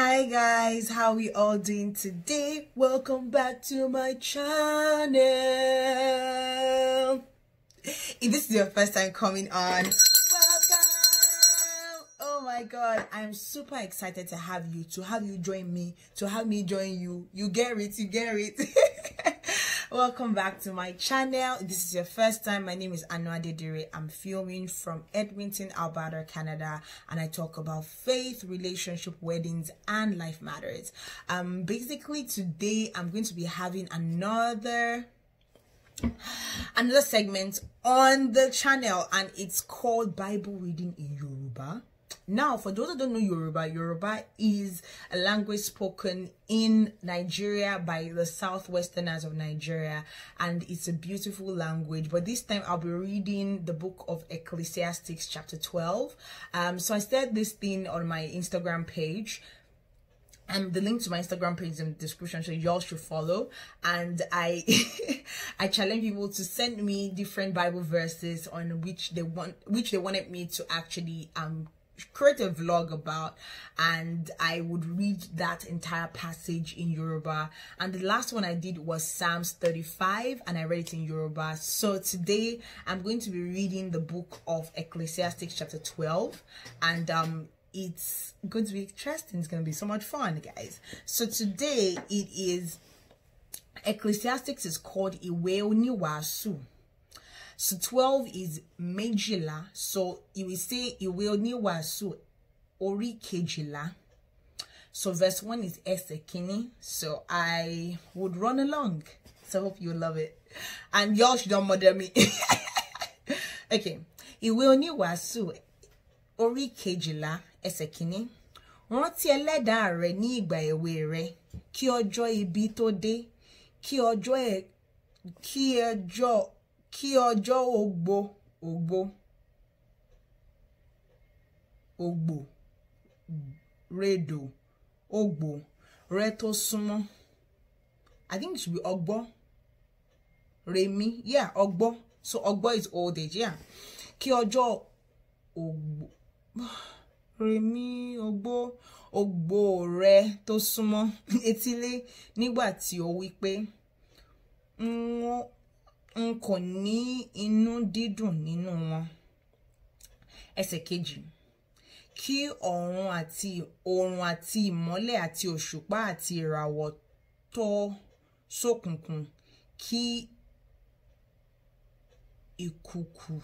hi guys how we all doing today welcome back to my channel if this is your first time coming on welcome oh my god i'm super excited to have you to have you join me to have me join you you get it you get it welcome back to my channel if this is your first time my name is Anua Dedere. I'm filming from Edmonton Alberta Canada and I talk about faith relationship weddings and life matters um basically today I'm going to be having another another segment on the channel and it's called Bible reading in Yoruba now, for those that don't know Yoruba, Yoruba is a language spoken in Nigeria by the southwesterners of Nigeria, and it's a beautiful language. But this time, I'll be reading the book of Ecclesiastics, chapter 12. Um, so I said this thing on my Instagram page and the link to my Instagram page is in the description, so y'all should follow. And I, I challenge people to send me different Bible verses on which they want, which they wanted me to actually um create a vlog about and I would read that entire passage in Yoruba and the last one I did was Psalms 35 and I read it in Yoruba so today I'm going to be reading the book of Ecclesiastes chapter 12 and um it's going to be interesting it's going to be so much fun guys so today it is Ecclesiastics is called Iwe so 12 is méjìlá. So you will say you ìwé oníwàásù orí kejìlá. So verse 1 is esekini. So I would run along. So I hope you love it. And y'all shouldn't murder me. okay. Ìwé oníwàásù orí kejìlá esekini. kìíní. Rántí ẹlẹ́dàá rẹ ní ìgbà èwe rẹ kí ọjọ́ ibi dé kí ọjọ́ ẹ̀ kí ọjọ́ kí ọjọ́ ogbo ogbo ògbò redò ògbò rẹ tó súnmọ́ i think it should be ọgbọ́ remi yeah ọgbọ́ so ọgbọ́ is old age yeah kí ọjọ́ ògbó remi ogbo ogbo rẹ tó súnmọ́ etílé nígbà tí ó wí pé n kò ní inú dídùn nínú wọn ẹsẹ̀ kejì kí ọ̀run àti oòrùn àti ìmọ́lẹ̀ àti òṣùpá àti ìràwọ̀ tó ṣókùnkùn kí ìkùkù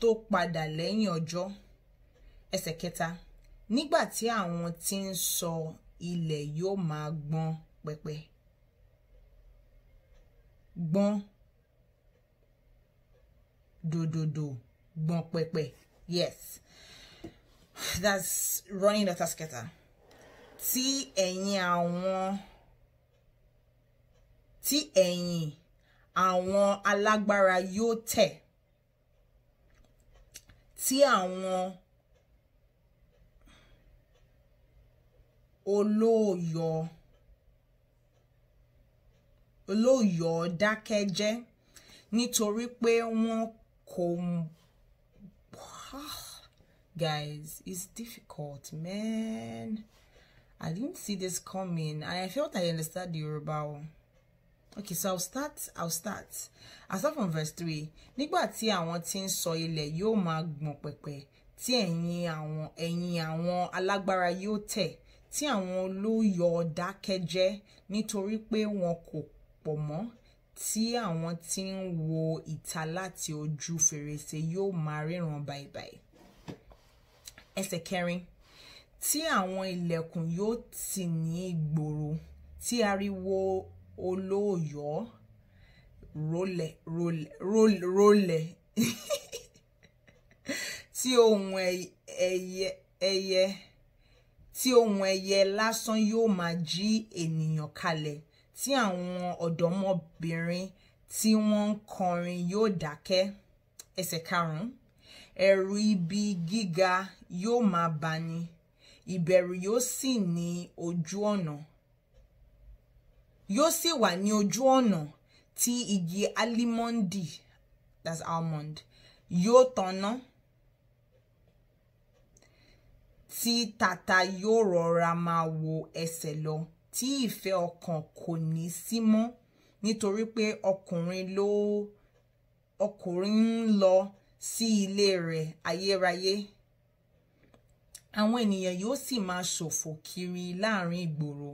tó padà lẹ́yìn ọjọ́ ẹsẹ̀ kẹta nígbà tí àwọn tí ń sọ ilẹ̀ yóò máa gbọ́n pẹpẹ gbọ́n dòdòdò gbọ́n pẹ̀pẹ̀ yes that's running data scatter Ti ẹ̀yìn àwọn ti ẹ̀yìn àwọn alagbara yóò tẹ̀ tí àwọn olóòyọ olóòyọ̀ dákẹ́jẹ́ nítorí pé wọ́n kò guys it's difficult man I didn't see this coming and I felt I understand the Yoruba Okay, so I'll start. I'll start. I'll start from verse three. Nígbà tí àwọn tí ń sọ ilẹ̀ yóò máa gbọ̀n pẹ̀pẹ̀, tí ẹ̀yìn àwọn ẹ̀yìn àwọn alágbára yóò tẹ̀, tí àwọn olóyọ̀ dákẹ́jẹ́ nítorí pé wọn kò pọ̀ mọ́ tí àwọn tí ń wo ìta láti ojú fèrèsé yóò máa ríran bàìbàì ẹsẹ̀ kẹrin tí àwọn ilẹ̀kùn yóò tì ní ìgboro tí ariwo olóòyọ̀ rólẹ̀ rólẹ̀ rólẹ̀ tí ohun ẹyẹ ẹyẹ tí ohun ẹyẹ lásán yóò máa jí ènìyàn kalẹ̀ tí àwọn ọ̀dọ́mọbìnrin tí wọ́n ń kọrin yóò dákẹ́ ẹsẹ̀ karùn-ún ẹ̀rù ibi gíga yóò máa bani ìbẹ̀rù yóò sì ní ojú ọ̀nà yóò sì wà ní ojú ọ̀nà tí igi alimondi that's almond yóò tanná tí tata yóò rọra máa wo ẹsẹ̀ lọ tí ìfẹ́ ọkàn kò ní sí mọ́ nítorí pé ọkùnrin ló ọkùnrin ń lọ sí ilé rẹ̀ ayérayé àwọn ènìyàn yóò sì máa ṣòfò kiri láàrin ìgboro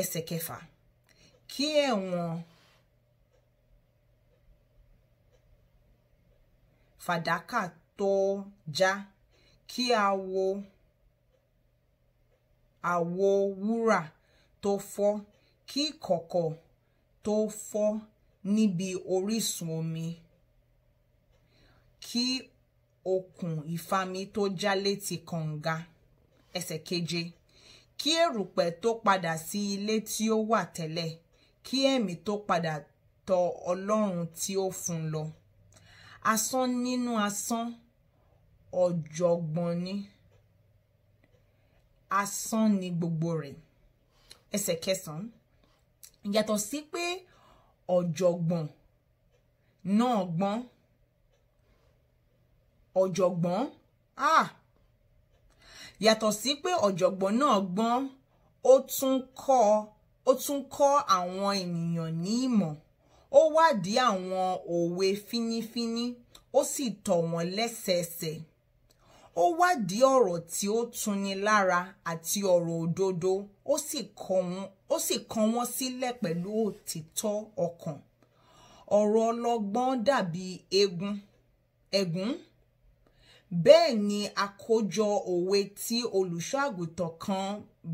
ẹsẹ̀ kẹfà kí ẹ̀wọ̀n fàdákà tó já kí a wo àwo wúrà tó fọ́ kí kọ̀kọ̀ tó fọ́ níbi orísun omi kí okùn ìfami tó já létí kànga ẹsẹ̀ keje kí erùpẹ̀ tó padà sí ilé tí ó wà tẹ́lẹ̀ kí ẹ̀mí tó padà tọ ọlọ́run tí ó fún lọ asán nínú asán ọ̀jọ̀gbọ́n ni. Asán, asán ni gbogbo rẹ̀ ẹsẹ̀ kẹsàn-án yàtọ̀ sí pé ọ̀jọ̀gbọ́n náà gbọ́n ọ̀jọ̀gbọ́n ah yàtọ̀ sí pé ọ̀jọ̀gbọ́n náà gbọ́n ó tún kọ́ ó tún kọ́ àwọn ènìyàn ní ìmọ̀ ó wádìí àwọn òwe fínífíní ó sì tọ̀ wọ́n lẹ́sẹẹsẹ. Si ó wádìí ọ̀rọ̀ tí ó tuni lára àti ọ̀rọ̀ òdodo ó sì kàn wọ́n sílẹ̀ pẹ̀lú òtítọ́ ọkàn ọ̀rọ̀ ọlọ́gbọ́n dàbí egun ẹ̀gún bẹ́ẹ̀ ni àkójọ òwe tí olùṣọ́àgùntàn kan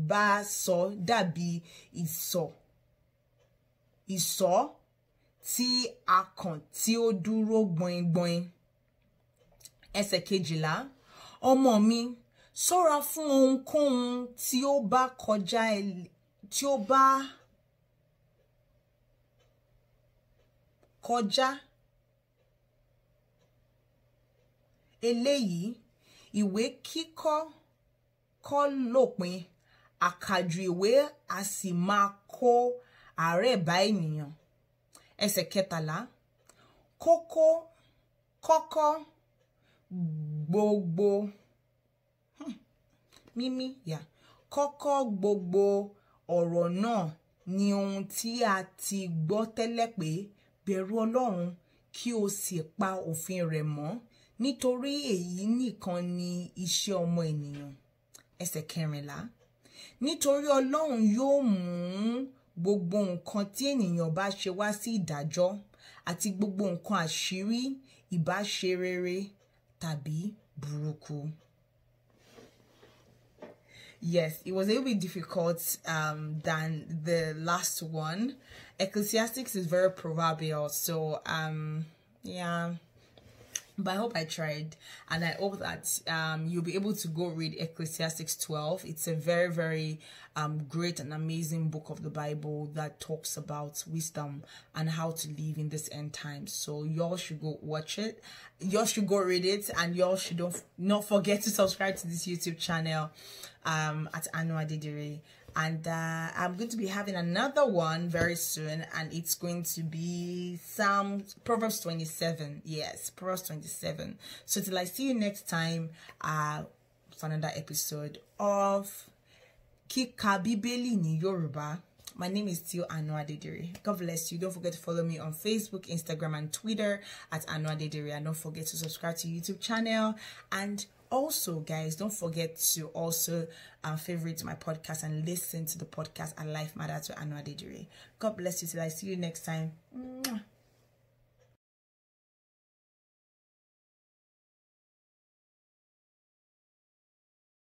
bá sọ dàbí ìsọ̀ ìsọ̀ tí a kàn tí ó dúró gbọ̀ngbọ̀n ẹsẹ̀ kejìlá ọmọ mi ṣọ́ra fún ohunkóhun tí ó bá kọjá tí ó bá kọjá eléyìí ìwé kíkọ kọ́ lópin àkàjù ìwé a sì máa kó àárẹ̀ bá ènìyàn ẹsẹ̀ kẹtàlá kókó kọ́kọ́ gbogbo hmm, mímí yà kọ́kọ́ gbogbo ọ̀rọ̀ náà ni ohun tí a ti gbọ́ tẹ́lẹ̀ pé bẹ̀rù Ọlọ́run kí o sì pa òfin rẹ̀ mọ́ nítorí èyí nìkan ni iṣẹ́ ọmọ ènìyàn ẹsẹ̀ kẹrìnlá nítorí Ọlọ́run yóò mú gbogbo nǹkan tí ènìyàn bá ṣe wá sí ìdájọ́ àti gbogbo nǹkan àṣírí ìbáṣe rere tàbí burúkú. Yes, it was a little bit difficult um, than the last one. Ecclesiastics is very proverbial, so um, yeah but I hope I tried and I hope that um, you'll be able to go read Ecclesiastics 12. It's a very, very um, great and amazing book of the Bible that talks about wisdom and how to live in this end time. So y'all should go watch it. Y'all should go read it and y'all should don't, not forget to subscribe to this YouTube channel um, at Anua Didire and uh, I'm going to be having another one very soon and it's going to be Psalm Proverbs 27 yes Proverbs 27 so till I see you next time uh, for another episode of Kíka Bíbélì ní Yorùbá my name is Tio Anua Dedere. God bless you. Don't forget to follow me on Facebook, Instagram, and Twitter at Anua Dedere. And don't forget to subscribe to YouTube channel and also guys don't forget to also um, favorite my podcast and listen to the podcast at life matter to Anwar Didere. god bless you till i see you next time Mwah.